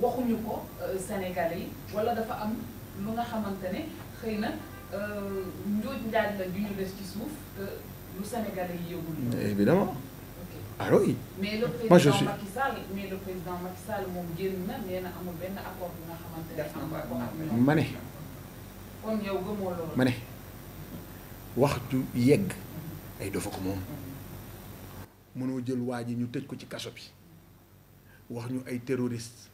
waxuñu ko euh, Sénégalais yi wala dafa am lu nga xamante ne xëy na euh, njuuj njaaj du ñu def ci suuf que lu Sénégalais yi yëgul. évidemment ah oui. mais le président Macky Sall mais le président Macky Sall moom génn na nee na amul benn accord bu nga xamante ne am na ko ak ma ne. kon yow gëmoo loolu. ma ne waxtu yegg ay dafa ko moom. mënoo jël waa ñu tëj ko ci kaso bi wax ñu ay terroriste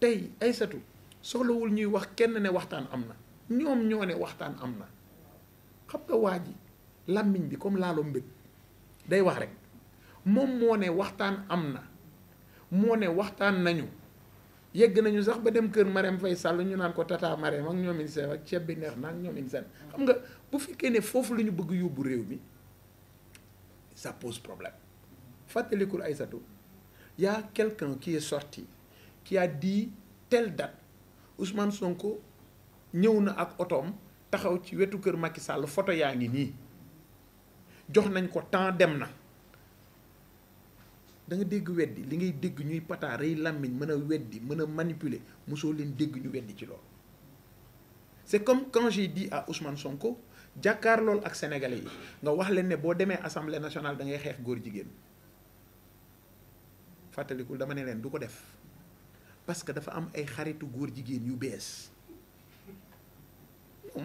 tey Aïssatou, soxlawul ñuy wax kenn ne waxtaan am na ñoom ne waxtaan am na xam nga waa ji bi comme laalo day wax rek moom moo ne waxtaan am na ne waxtaan nañu yegg nañu sax ba dem kër fay Sall ñu naan ko tata ak ñoom in seen ak ceeb bi neex xam nga ça pose problème y a quelqu'un qui est sorti qui a dit telle date Ousmane Sonko nous na ak otoom taxaw ci wetu kër Macky Sall photo de ngi nii jox nañ ko temps dem na da nga dégg nous li ngay dégg ñuy nous, nous, nous manipuler c'est comme quand j'ai dit à Ousmane Sonko ak sénégalais wax ne bo démé assemblée nationale da ngay dama ne leen du def parce que dafa am ay xaritu góor jigéen yu bees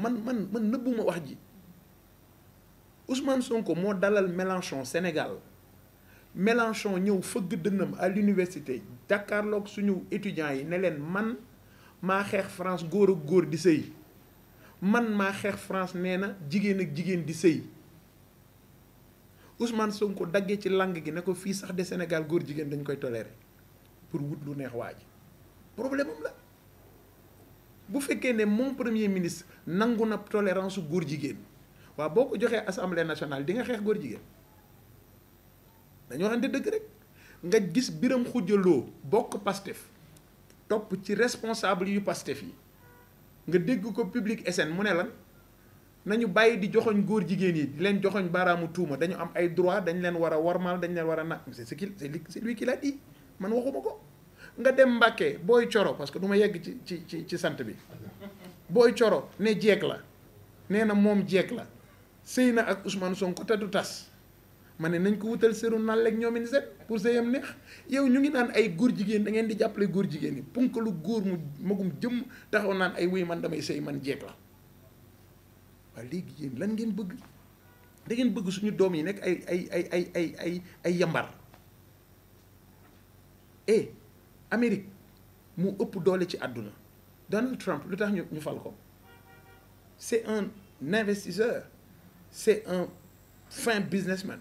man man man nëbbuma wax ji Ousmane Sonko moo dalal Mélenchon Sénégal Mélenchon ñëw fëgg dënnam à l'université jàkkaarloog suñu étudiants yi ne leen man maa xeex France góor ak góor di sëy man maa xeex France nee na jigéen ak jigéen di sëy Ousmane Sonko daggee ci langue gi ne ko fii sax de Sénégal góor jigéen dañu koy tolérer pour wut lu neex waa ji problème là. la bu fekkee ne mon premier ministre nangu na tolérance góor jigéen waaw boo ko joxee assemblée nationale di nga xeex góor jigéen dañoo waxante dëgg rek nga gis biram xujaloo bokk pastef top ci responsable yu pastef yi nga dégg ko public SN mu ne lan nañu bàyyi di joxoñ góor jigéen yi di leen joxoñ baaraamu tuuma dañu am ay droit dañ leen war a warmaal dañ leen war a na c'est lui qui l'a dit man waxuma ko nga dem Mbàkke boy choro parce que duma yegg ci ci ci ci sante bi boy choro ne jeeg la nee na mom jeeg la seyna ak Ousmane Sonko te tas mané ne nañ ko wutal seru nal ak ñomine set pour seyam neex yow ñu ngi naan ay góor jigen da ngeen di jàppale góor jigen ni punk lu góor mu magum jëm taxaw naan ay wuy man damay sey man jeeg la ba lan ngeen bëgg da ngeen bëgg suñu doom yi nek ay ay ay ay ay ay ay yambar eh Amérique mu ëpp doole ci àdduna Donald Trump lu ñu c'est un investisseur c'est un fin businessman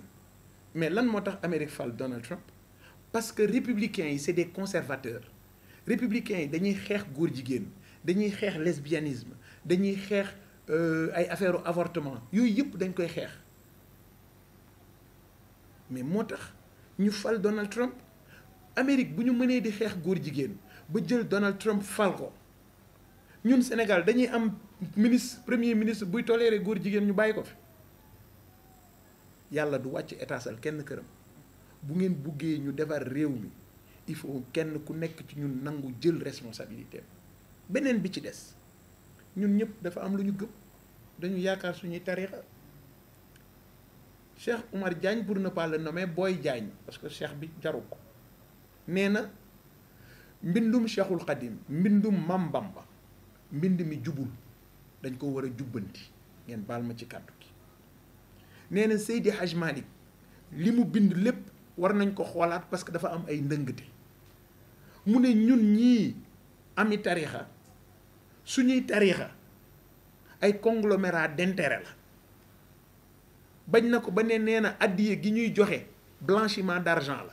mais lan moo tax Amérique fal Donald Trump parce que républicains yi c'est des conservateurs républicains yi dañuy xeex góor jigéen dañuy xeex lesbianisme dañuy xeex euh, ay affaire d'avortement. Ils yëpp dañ koy xeex mais moo tax ñu fal Donald Trump Amerik bu ñu mënee di xeex góor jigéen ba jël Donald Trump fal ko ñun Sénégal dañuy am ministre premier ministre buy toléré góor jigéen ñu bàyyi ko fi yàlla du wàcc étasal kenn këram bu ngeen buggee ñu defar réew mi il faut kenn ku nekk ci ñun nangu jël responsabilité beneen bi ci des ñun ñëpp dafa am lu ñu gëm dañu yaakaar suñuy tarixa Cheikh Oumar Diagne pour ne pas le nommer Boy Diagne parce que Cheikh bi jaru nee na mbindum cheikhul xadim mbindum mam bamba mbind mi jubul dañ ko war a jubbanti ngeen baal ma ci kàddu gi nee na Seydi Hadj Malick li mu bind lépp war nañ ko xoolaat parce que dafa am ay ndëngte mu ne ñun ñii ami tarixa suñuy tarixa ay conglomérat d'intérêt la bañ na ko ba ne nee na addiye gi ñuy joxe blanchiment d'argent la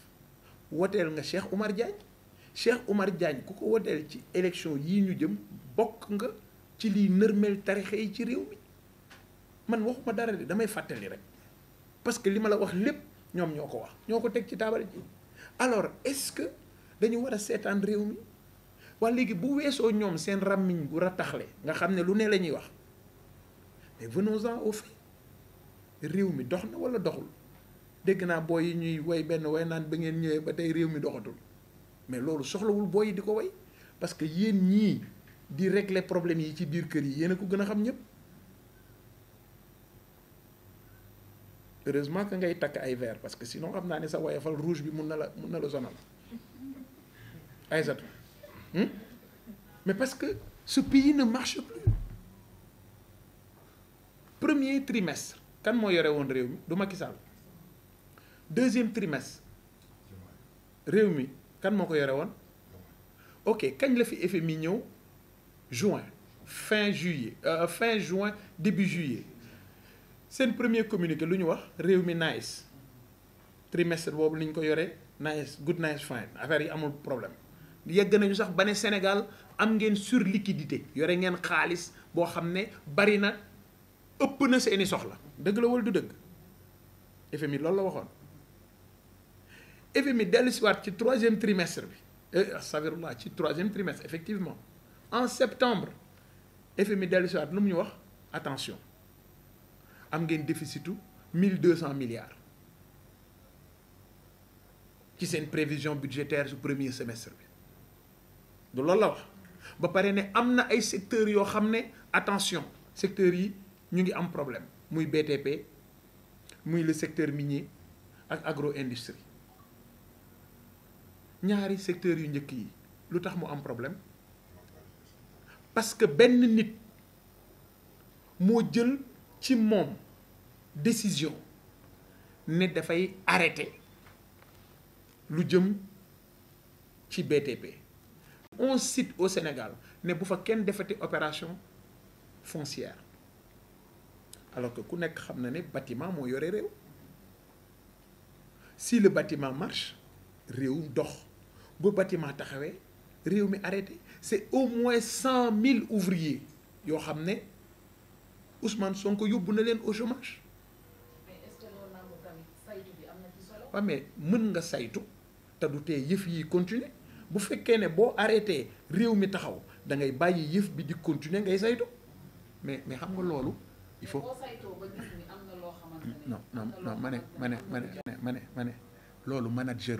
woteel nga Cheikh Oumar Diagne Cheikh Oumar Diagne ku ko woteel ci élection yii ñu jëm bokk nga ci liy nërmeel tarixe yi ci réew mi man waxuma dara de damay fàttali rek parce que li ma la wax lépp ñoom ñoo ko wax ñoo ko teg ci taabal ji alors est-ce que dañu war a seetaan réew mi waa léegi bu weesoo ñoom seen ràmmiñ bu rattaxle nga xam ne lu ne la ñuy wax mais venons-en au réew mi dox na walla doxul dégg naa boy yi ñuy way benn way naan ba ngeen ñëwee ba tey réew mi doxatul mais loolu soxlawul boy yi di ko way parce que yéen ñii di régler problème yi ci biir kër yi yéen a ko gën a xam ñëpp heureusement que ngay takk ay verre parce que sinon xam naa ne sa wayafal rouge bi mun na la mun na la sonal Aïssatou hmm? mais parce que ce pays ne marche plus premier trimestre kan moo yore woon réew mi du Macky Sall deuxième trimestre réew Quand kan moo ko yore ok kañ la fi FMI ñëw juin fin juillet euh, fin juin début juillet C'est le premier communiqué lu ñu wax nice trimestre boobu li ñu ko nice good nice fine affaire yi amul problème yegg nañu sax ba ne Sénégal am ngeen sur liquidité yore ngeen xaalis boo xam ne bari na ëpp na seeni soxla dëgg la wala du dëgg FMI loolu la waxoon le soir, dans le troisième trimestre veut dire le troisième trimestre effectivement en septembre FMI dellu siwaat attention, wax attention am a un déficit de 1200 milliards c'est une prévision budgétaire du premier semestre bi ça. Il y a ba secteur qui a secteurs qui a attention secteurs yi ngi problème BTP le secteur minier et agro-industrie ñaari secteur yu njëkk yi lu tax mu am problème parce que benn nit moo jël ci moom décision ne dafay arrêté lu jëm ci BTP on cite au Sénégal ne bu fa kenn defati opération foncière alors que ku nekk xam na ne bâtiment moo yore réew si le bâtiment marche réew dox bu bâtiment réew arrêté c'est au moins 100 000 ouvriers qui ont Ousmane Sonko au chômage. mais est-ce que saytu bi mais mën continuer arrêté continuer ngay saytu mais mais xam nga il faut non non non manager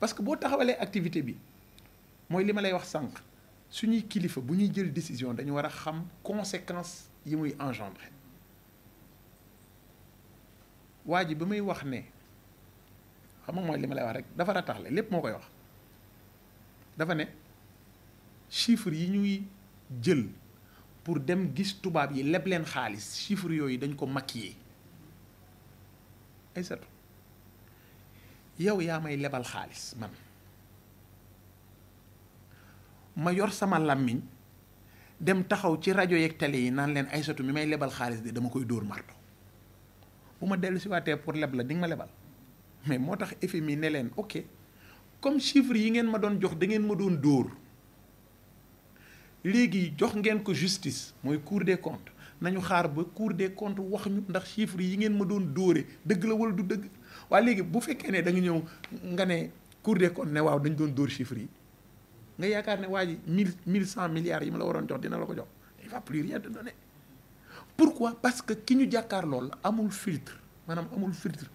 parce que bo taxawale activité bi moy li lay wax sank suñuy kilifa bu ñuy jël décision dañu wara xam conséquences yi muy engendrer waji ji muy wax ne xam nga moy li lay wax rek dafa ra rataxle lepp mo koy wax dafa ne chiffres yi ñuy jël pour dem gis tubaab yi leb leen xaalis chiffres yooyu dañ ko maquiller ay yow yaa may lebal xaalis man ma yor sama làmmiñ dem taxaw ci rajo yeeg télé yi naan leen ay soto mi may lebal xaalis de dama koy dóor marto bu ma dellu si waatee pour leb la di ma lebal mais moo tax FMI ne leen ok comme chiffre yi ngeen ma doon jox da ngeen ma doon dóor léegi jox ngeen ko justice mooy cour des comptes nañu xaar ba cour des comptes wax ñu ndax chiffre yi ngeen ma doon dóore dëgg la wala du dëgg Si vous bu un ne da nga ne Cour des ne waaw chiffres ne milliards va plus rien te donner pourquoi parce que qui qui nous amul filtre madame amul filtre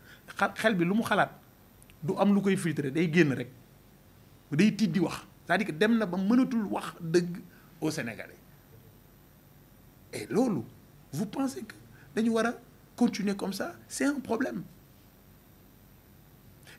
xel bi lu mu du am lu koy filtre day génn rek day tiit wax c'est-à-dire que dem ba au Sénégalais et vous pensez que nous devons continuer comme ça c'est un problème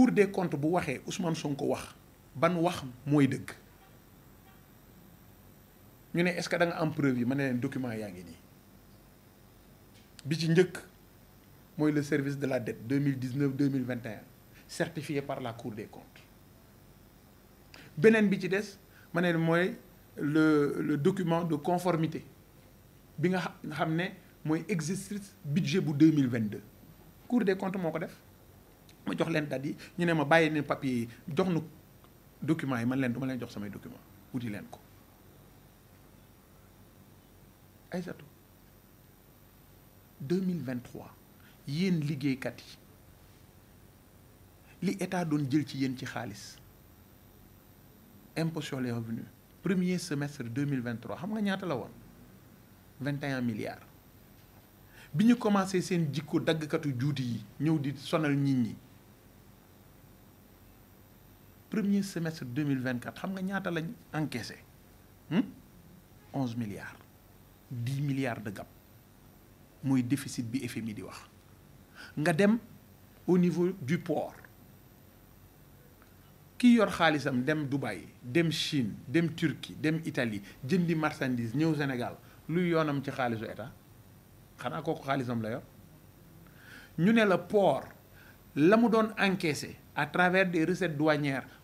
cour des comptes bu waxé Ousmane Sonko wax ban wax moy deug ñu né est-ce que da nga am preuve yi document ya ngi bi le service de la dette 2019 2021 certifié par la cour des comptes Benen bi ci le document de conformité bi nga xamné moy budget bu 2022 cour des comptes mon ma jox leen date yi ñu ne ma bàyyi ne papier yi jox nu document yi man leen du ma leen jox samay document wuti leen ko Aïssatou 2023 yéen liggéeykat yi li état doon jël ci yéen ci xaalis impôt sur les revenus premier semestre 2023 xam nga ñaata la woon 21 milliards bi ñu commencé seen jikko daggkatu juuti yi ñëw di sonal nit ñi premier semestre 2024 nous nga encaissé 11 hmm? milliards 10 milliards de gap un déficit bi FMI di wax au niveau du port ki yor Dubaï dem Chine dem Turquie dem Italie jëndi Sénégal luy ci état la yor ñu le port encaissé à travers des recettes douanières